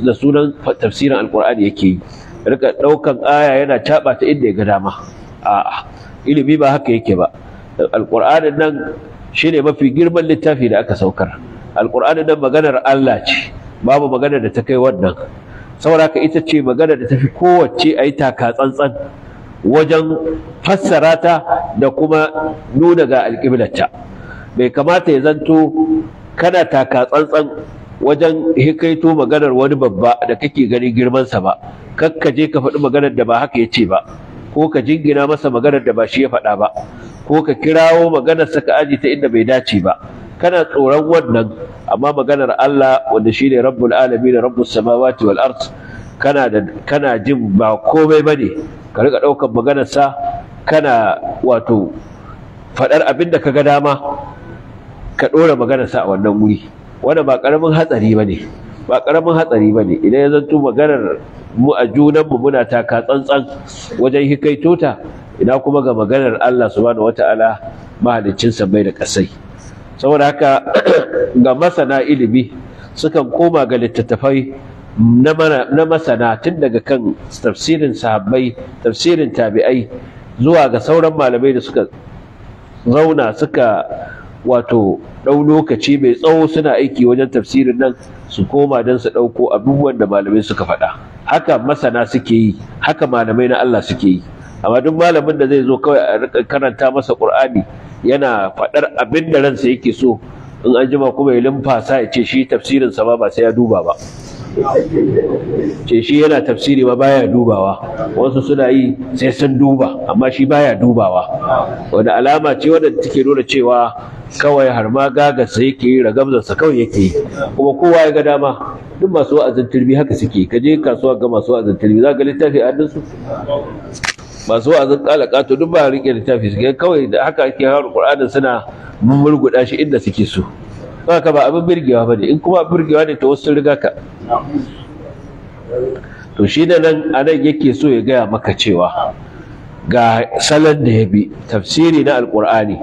S1: da sunan tafsirin alkur'ani yake yi rika ɗaukan aya yana taɓa ta inda ya ga dama a'a ilimi ba haka yake ba alkur'anin nan shine mafi girman littafi da aka saukar alkur'anin nan maganar Allah ce babu maganar da ta kai wannan saboda haka ita ce maganar da ta fi kowace a yi taka tsantsan wajen fassara ta da kuma nuna ga alƙiblarta bai kamata ya zanto kana taka tsantsan wajen hikaito maganar wani babba da kake ganin girmansa ba kakka je ka faɗi maganar da ba haka ya ce ba ko ka jingina masa maganar da ba shi ya faɗa ba ko ka kirawo maganarsa ka aji ta inda bai dace ba kana tsoron wannan amma maganar Allah wanda shine rabbul alamin rabbus samawati wal ard kana da kana jin ba komai bane ka rika daukar maganar sa kana wato faɗar abin da ga dama ka ɗora sa a wannan wuri wanda ba ƙaramin hatsari ba ne ba ƙaramin hatsari ba ne idan ya zanto maganar mu a junanmu muna taka tsantsan wajen hikaito ta ina kuma ga maganar Allah subhanahu wata'ala mahaliccin sammai da ƙasai saboda haka ga masana ilimi sukan koma ga littattafai na masana tun daga kan tafsirin sahabbai tafsirin tabi'ai zuwa ga sauran malamai da suka zauna suka wato ɗau lokaci mai tsawo suna aiki wajen tafsirin nan su koma don su ɗauko abubuwan da malamai suka faɗa haka masana suke yi haka malamai na Allah suke yi amma duk malamin da zai zo kawai a karanta masa ƙur'ani yana faɗar abin da ransa yake so in an jima kuma ya limfasa ya ce shi tafsirin sa ba sai ya duba ba ce shi yana tafsiri ba baya dubawa wasu suna yi sai sun duba amma shi baya dubawa wanda alama ce wadda take nuna cewa kawai har ma gagarsa yake yi ragamzarsa kawai yake yi kuma kowa ya ga dama duk masu wa'azin turbi haka suke ka je kasuwa ga masu wa'azin turbi za ka littafi a su masu wa'azin kalaka to duk ba rike littafi suke kawai da haka ake haru qur'anin suna murguda shi inda suke so ka ba abin birgewa bane in kuma birgewa ne to wasu riga ka to shi da nan a anan yake so ya gaya maka cewa ga salon da ya bi tafsiri na alkur'ani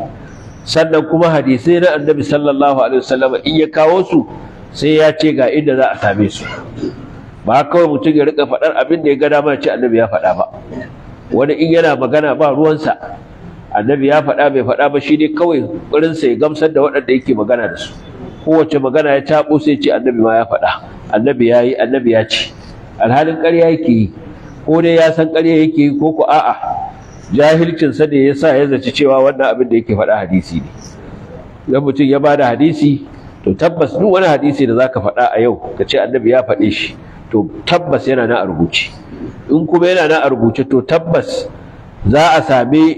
S1: sannan kuma hadisai na annabi sallallahu alaihi wasallam in ya kawo su sai ya ce ga inda za a same su ba kawai mutum ya rika faɗar abin da ya gada mana ce annabi ya faɗa ba wani in yana magana ba ruwansa annabi ya faɗa bai faɗa ba shi ne kawai ɓirinsa ya gamsar da waɗanda yake magana da su kowace magana ya taɓo sai ce annabi ma ya faɗa annabi yayi annabi ya ce alhalin ƙarya yake yi ko dai ya san ƙarya yake yi ko ku a'a jahilcin sa ya sa ya zaci cewa wannan abin da yake faɗa hadisi ne idan mutum ya bada hadisi to tabbas duk wani hadisi da zaka faɗa a yau ka ce annabi ya faɗe shi to tabbas yana na a rubuce in kuma yana na a rubuce to tabbas za a sami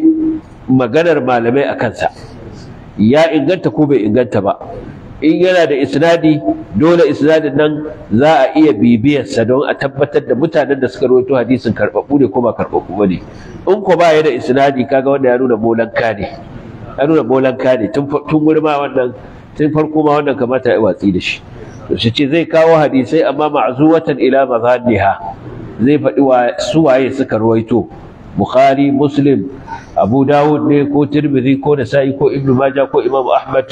S1: maganar malamai a kansa ya inganta ko bai inganta ba in yana da isnadi dole isnadin nan za a iya bibiyarsa don a tabbatar da mutanen da suka rawaito hadisin karɓaɓɓu ne kuma karɓaɓɓu in ko ba ya da isnadi kaga wanda ya nuna bolanka ne ya nuna bolanka ne tun wuri ma wannan tun farko ma wannan kamata ya watsi da shi to shi ce zai kawo hadisai amma ma'zuwatan ila mazaniha zai faɗi wa suwaye suka rawaito bukhari muslim abu dawud ne ko tirmidhi ko nasa'i ko ibnu majah ko imam ahmad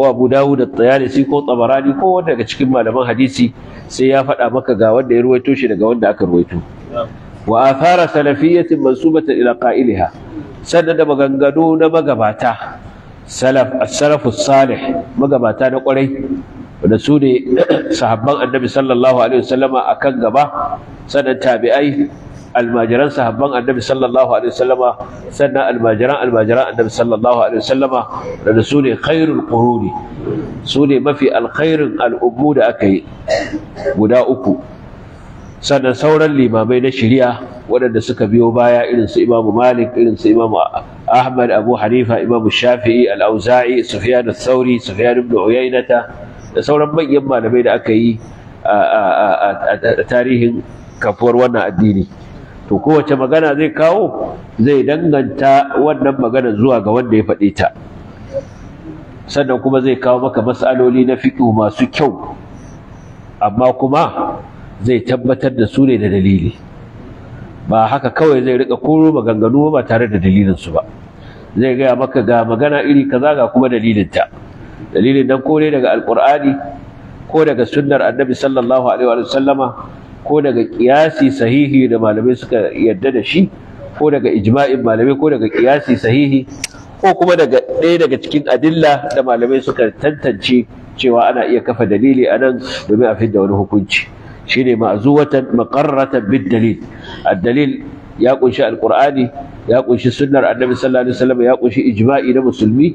S1: ko Abu Dawud da tayalisi ko Tabarani ko wanda daga cikin malaman hadisi sai ya faɗa maka ga wanda ya ruwaito shi daga wanda aka ruwaito wa athara salafiyyatin mansubatan ila qa'iliha sannan da maganganu na magabata salaf as-salafus salih magabata na kwarai da su ne sahabban annabi sallallahu alaihi wasallama akan gaba sannan tabi'ai almajiran sahabban annabi sallallahu alaihi wasallama sannan almajiran almajiran annabi sallallahu alaihi wasallama da su ne khairul quruni su ne mafi alkhairin al'ummu da aka yi guda uku sannan sauran limamai na shari'a waɗanda suka biyo baya irin su Imam Malik irin su Imam Ahmad Abu Hanifa Imam Shafi'i Al-Auza'i Sufyan al-Thauri Sufyan ibn Uyayna da sauran manyan malamai da aka yi a tarihin kafuwar wannan addini to kowace magana zai kawo zai danganta wannan magana zuwa ga wanda ya faɗe ta sannan kuma zai kawo maka matsaloli na fiƙo masu kyau amma kuma zai tabbatar da su ne da dalili ba haka kawai zai rika koro maganganu ba tare da dalilinsu ba zai gaya maka ga magana iri kaza ga kuma dalilinta dalilin nan ko ne daga Alƙur'ani ko daga sunnar annabi sallallahu alaihi wa sallama ko daga kiyasi sahihi da malamai suka yarda da shi ko daga ijma'in malamai ko daga kiyasi sahihi ko kuma daga ɗaya daga cikin adilla da malamai suka tantance cewa ana iya kafa dalili a nan domin a fidda wani hukunci shine ma'zuwatan maqarratan bid dalil A dalil ya kunshi alqur'ani ya kunshi sunnar annabi sallallahu alaihi wasallam ya kunshi ijma'i na musulmi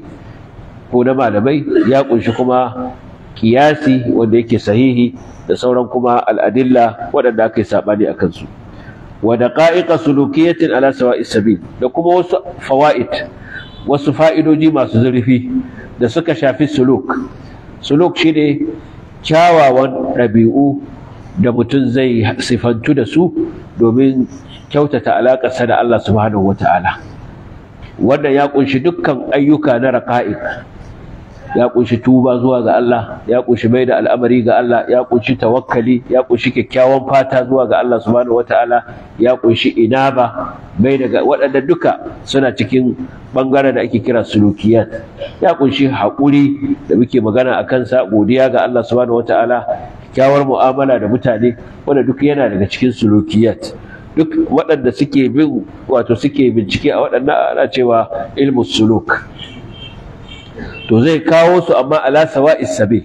S1: ko na malamai ya kunshi kuma kiyasi wanda yake sahihi da sauran kuma al'adilla waɗanda aka yi saɓani a kansu wa daqa'iqa sulukiyatin ala sawa'is sabil da kuma wasu fawaid wasu fa'idoji masu zurfi da suka shafi suluk suluk shine kyawawan ɗabi'u da mutum zai sifantu da su domin kyautata alaƙarsa da Allah subhanahu wata'ala wannan ya ƙunshi dukkan ayyuka na raqa'iq ya kunshi tuba zuwa ga Allah ya kunshi mai da al'amari ga Allah ya kunshi tawakkali ya kunshi kyakkyawan fata zuwa ga Allah subhanahu wataala ya kunshi inaba mai daga waɗanda duka suna cikin bangaren da ake kira sulukiyat ya kunshi haƙuri da muke magana a kansa godiya ga Allah subhanahu wataala kyawar mu'amala da mutane wanda duk yana daga cikin sulukiyat duk waɗanda suke bin wato suke bincike a waɗannan ana cewa ilmu suluk to zai kawo su amma ala sawa'is sabil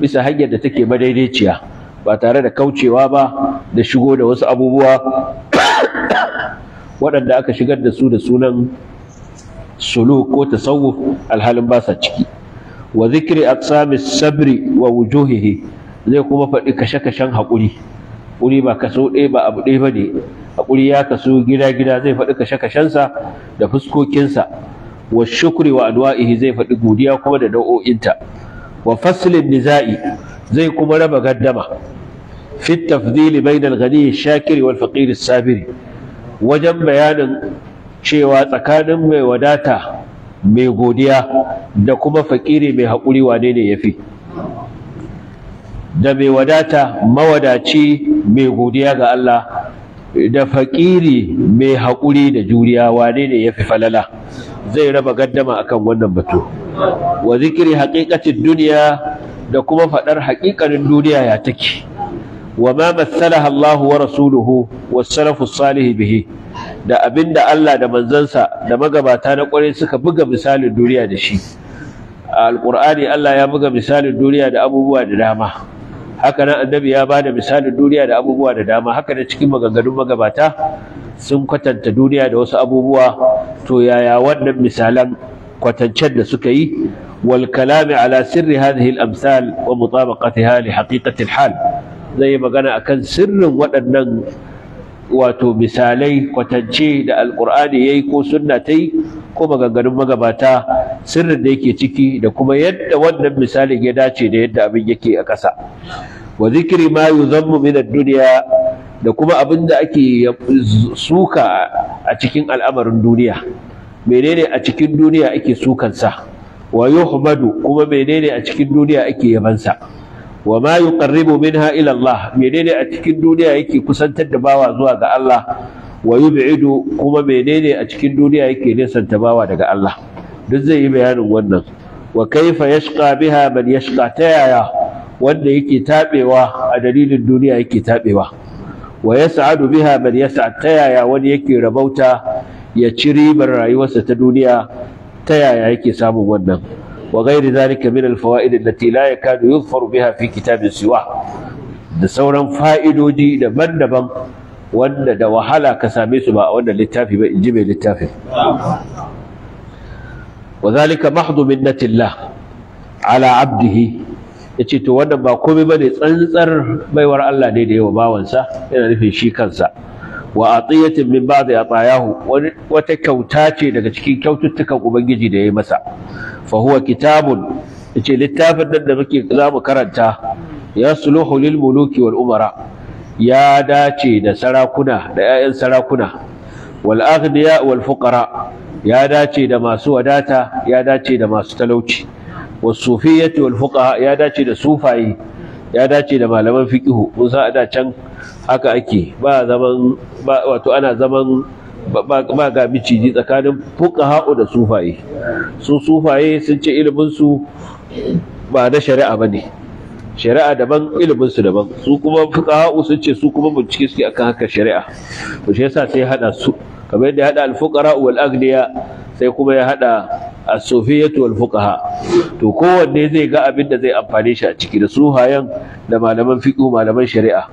S1: bisa hanyar da take madaidaiciya ba tare da kaucewa ba da shigo da wasu abubuwa waɗanda aka shigar da su da sunan sulu ko tasawuf alhalin ba sa ciki wa zikri aqsamis sabri wa wujuhihi zai kuma faɗi kashe-kashen haƙuri haƙuri ba kaso ɗaya ba abu ɗaya ba ne haƙuri ya kaso gida-gida zai faɗi kashe-kashensa da fuskokinsa wa shukri wa adwa'ihi zai faɗi godiya kuma da nau'o'inta wa faslin niza'i zai kuma raba gaddama fi tafdili bainal ghani shakiri wal faqir sabiri wajen bayanin cewa tsakanin mai wadata mai godiya da kuma faƙiri mai haƙuri wane ne yafi da mai wadata mawadaci mai godiya ga Allah da faƙiri mai haƙuri da juriya wane ne yafi falala zai raba gaddama akan wannan batu wa zikiri haƙiƙacin duniya da kuma faɗar haƙiƙanin duniya ya take wa ma mathalaha Allah wa rasuluhu wa salafus salih bihi da abinda Allah da manzansa da magabata na ƙwarai suka buga misalin duniya da shi alqur'ani Allah ya buga misalin duniya da abubuwa da dama haka nan annabi ya bada misalin duniya da abubuwa da dama haka da cikin maganganun magabata sun kwatanta duniya da wasu abubuwa to yaya wannan misalan kwatancen da suka yi wal kalami ala sirri hadhihi al amsal wa mutabaqatiha li haqiqati al hal zai magana akan sirrin waɗannan wato misalai kwatance da Alƙur'ani yayi ko sunna ta ko maganganun magabata sirrin da yake ciki da kuma yadda wannan misalin ya dace da yadda abin yake a ƙasa wa zikri ma yuzammu min ad-dunya da kuma abin da ake suka a cikin al'amarin duniya menene a cikin duniya ake sukansa wa yuhmadu kuma menene a cikin duniya ake yabansa wa ma yuqarribu minha ila Allah menene a cikin duniya yake kusantar da bawa zuwa ga Allah wa yub'idu kuma menene a cikin duniya yake nesanta bawa daga Allah duk zai yi bayanin wannan wa kaifa yashqa biha man yashqa ta yaya wanda yake tabewa a dalilin duniya yake tabewa wa yas'adu biha man yas'ad ta yaya wani yake rabauta ya cire ribar rayuwarsa ta duniya ta yaya yake samun wannan wa ghairi zalika min al-fawaid allati la yakadu yuzfaru biha fi kitabin siwa da sauran fa'idodi daban-daban wanda da wahala ka same su ba a wannan littafi ba in ji mai littafin wa zalika mahdu minnatillah ala abdihi ya ce to wannan ba komai bane tsantsar baiwar Allah ne da yawa bawansa yana nufin shi kansa wa atiyatin min ba'di atayahu wata kyauta ce daga cikin kyaututtukan ubangiji da ya yi masa fa huwa kitabun yace littafin nan da muke za mu karanta ya suluhu lil muluki wal umara ya dace da sarakuna da 'ya'yan sarakuna wal aghniya wal fuqara ya dace da masu wadata ya dace da masu talauci wasufiyyati wal fuqaha ya dace da sufayi ya dace da malaman fiqihu ko za a da can haka ake ba zaman ba wato ana zaman ba ga miciji tsakanin fuqaha da sufaye. su sufaye sun ce ilimin su ba na shari'a bane shari'a daban ilimin su daban su kuma fuqaha sun ce su kuma bincike suke akan haka shari'a to shi yasa sai hada su kamar yadda ya hada al-fuqara wal aghniya sai kuma ya hada A wal fuqaha to kowanne zai ga abin da zai amfane shi a ciki da suhayan da malaman fiqh malaman shari'a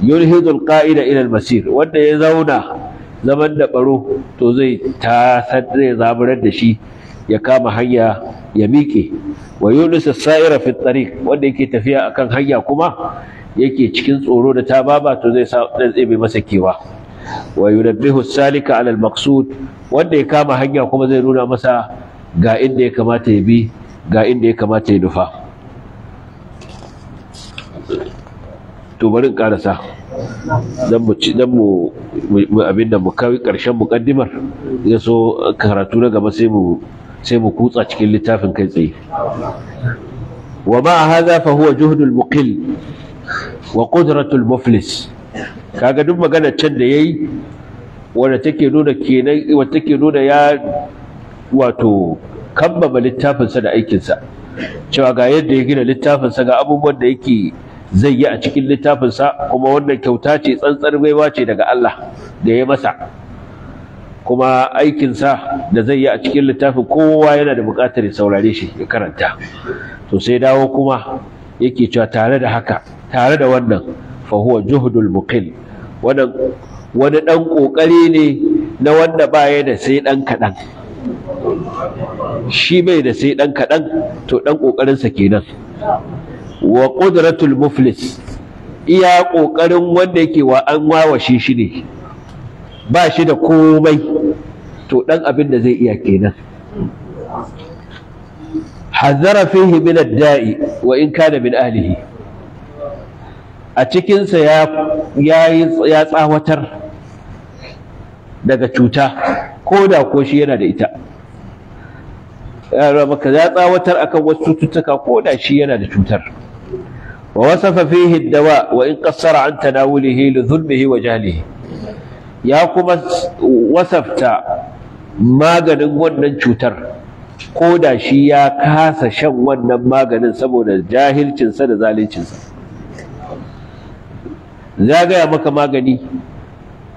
S1: yulhidul qa'ida ila al-masir wanda ya zauna zaman da baro to zai ta sadre zaburar da shi ya kama hanya ya miƙe wa yunus as-sa'ira fi tariq wanda yake tafiya akan hanya kuma yake cikin tsoro da tababa to zai sa tsebe masa kewa wa yunabbihu as-salika ala al-maqsud wanda ya kama hanya kuma zai nuna masa ga inda ya kamata ya bi ga inda ya kamata ya nufa to bari karasa dan mu dan mu abin da mu kawi karshen mukaddimar ya so uh, karatu na gaba sai mu mu kutsa cikin littafin kai tsaye wa ma hadha fa huwa juhdul muqil wa muflis kaga duk magana can da yayi wanda take nuna kenan wanda take nuna ya wato kambama littafinsa da aikinsa cewa ga yadda ya gina littafinsa ga abubuwan da yake zai yi a cikin littafinsa kuma wannan kyauta ce tsantsar baiwa ce daga Allah da ya masa kuma aikinsa da zai yi a cikin littafin kowa yana da buƙatar ya saurare shi ya karanta to sai dawo kuma yake cewa tare da haka tare da wannan fa huwa muqil wannan wani dan kokari ne na wanda ba ya da sai dan kadan shi bai da sai ɗan kaɗan to ɗan ƙoƙarinsa kenan wa ƙudratul muflis iya ƙoƙarin wanda yake wa an wawashe shi ne ba shi da komai to ɗan abin da zai iya kenan hazara fihi min da'i wa in kana min ahlihi a cikinsa ya ya tsawatar daga cuta ko da ko shi yana da ita maka ya tsawatar akan wasu cututtuka ko da shi yana da cutar wa wasafa fihi dawa wa in qassara an tanawulihi li dhulmihi wa jahlihi ya kuma wasafta maganin wannan cutar ko da shi ya kasa shan wannan maganin saboda jahilcinsa da zaluncinsa za gaya maka magani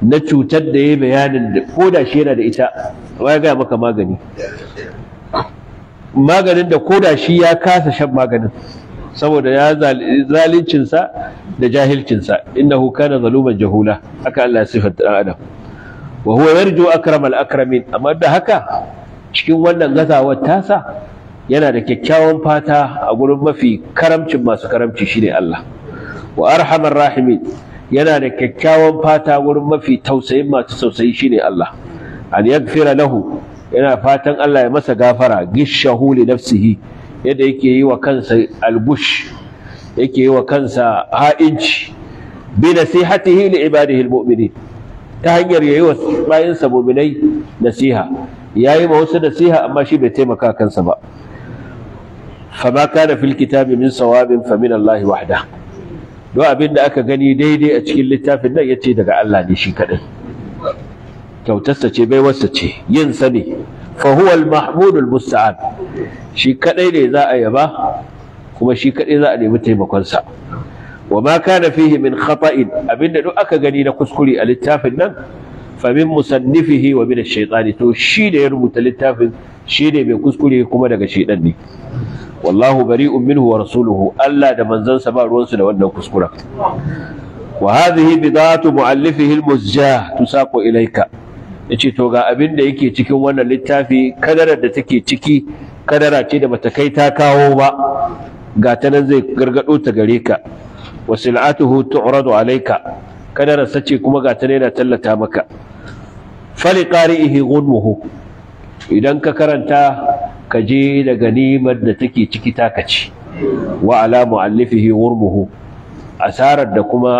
S1: na cutar da ya bayanin ko da shi yana da ita ya gaya maka magani maganin da koda shi ya kasa shan maganin saboda ya zalincinsa da jahilcinsa innahu kana zaluman jahula haka Allah ya da adam wa huwa yarju akramal akramin amma da haka cikin wannan gazawar tasa yana da kyakkyawan fata a gurin mafi karamcin masu karamci shine Allah wa arhamar rahimin yana da kyakkyawan fata gurin mafi tausayin masu tausayi shine Allah an yaghfira lahu yana fatan Allah ya masa gafara gishahu li nafsihi yadda yake yi wa kansa albush, yake yi wa kansa ha'inci bi nasihatihi li ibadihi almu'mini ta hanyar yayi wa bayin sa mu'minai nasiha yayi ma wasu nasiha amma shi bai taimaka kansa ba fama kana fil kitabi min sawabin fa min Allah wahda Do abin da aka gani daidai a cikin littafin nan yace daga Allah ne shi kadai kyautarsa ce baiwarsa ce yin sani fahuwal mahmudul musta'an shi kadai ne za a yaba kuma shi kadai za a nemi taimakon sa wa ma kana fihi min khata'in abinda duk aka gani na kuskure a littafin nan fa min musannifihi wa min ash-shaytani to shi da ya rubuta littafin shi ne mai kuskure kuma daga shedan ne wallahu bari'un minhu wa rasuluhu Allah da manzansa ba ruwansu da wannan kuskuren وهذه بضاعة مؤلفه المزجاة تساق ilaika. ya ce to ga abin da yake cikin wannan littafi kadarar da take ciki kadara ce da bata kai ta kawo ba ga ta nan zai gargado ta gare ka wa sil'atuhu tu'radu alayka kadarar sace kuma ga ta nan yana tallata maka fali qari'ihi ghunmuhu idan ka karanta ka je da ganimar da take ciki taka ci wa ala mu'allifihi ghurmuhu asarar da kuma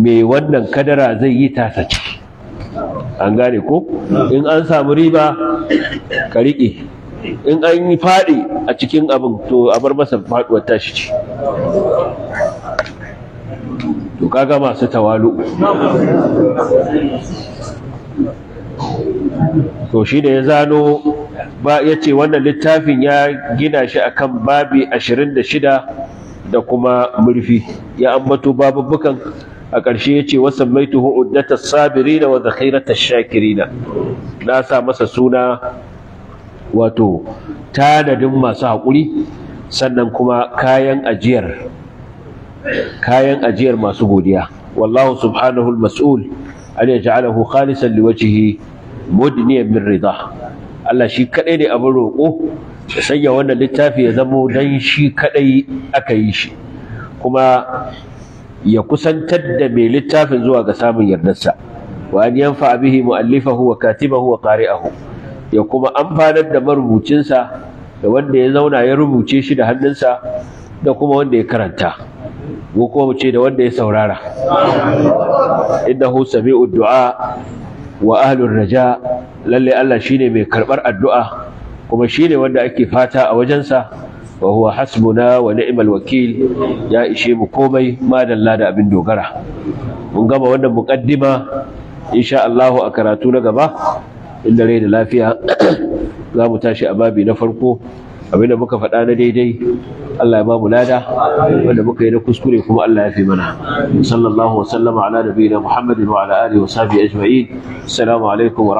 S1: me wannan kadara zai yi ta sace? an gane ko in an samu riba ka riƙe in an yi faɗi a cikin abin to a bar masa faɗuwar tashi ce to kaga masu tawalu to shi da ya zano ba ya ce wannan littafin ya gina shi kan babi 26 da kuma murfi ya ambato babubbukan a ƙarshe ya ce wasan mai tuhu uddata sabirina wa ta shakirina na sa masa suna wato tanadin masu haƙuri sannan kuma kayan ajiyar kayan ajiyar masu godiya wallahu subhanahu al-mas'ul an yaj'alahu khalisan liwajhihi mudniyan min ridha Allah shi kadai ne abin roƙo ya sanya wannan littafi ya zamo dan shi kadai aka yi shi kuma ya kusantar da mai littafin zuwa ga samun yardarsa wa an yanfa bihi mu'allifahu wa katibahu wa qari'ahu ya kuma amfanar da marubucinsa da wanda ya zauna ya rubuce shi da hannunsa da kuma wanda ya karanta ko kuma ce da wanda ya saurara innahu sami'u du'a wa ahlun raja lalle Allah shine mai karɓar addu'a kuma shine wanda ake fata a wajensa wa huwa hasbuna wa ni'mal wakil ya ishe mu komai ma dan da abin dogara mun gama wannan muqaddima insha Allah a karatu na gaba inda rai da lafiya za mu tashi a babi na farko abinda muka faɗa na daidai Allah ya ba mu lada wanda muka yi na kuskure kuma Allah ya fi mana sallallahu wa
S2: ala nabiyina Muhammadin wa ala wa sahbihi ajma'in assalamu alaikum